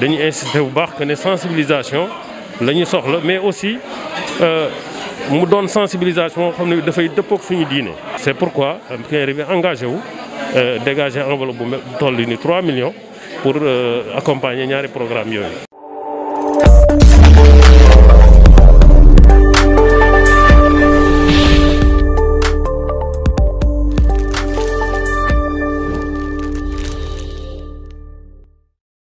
Nous insister bu baax que ne sensibilisation lañu soxla mais aussi euh, mu doon sensibilisation boo xam ne dafay dëppoog suñu dîner. c'est pourquoi nous avons engagé wu euh, dégager enveloppe de 3 millions pour euh, accompagner ñaari programmes.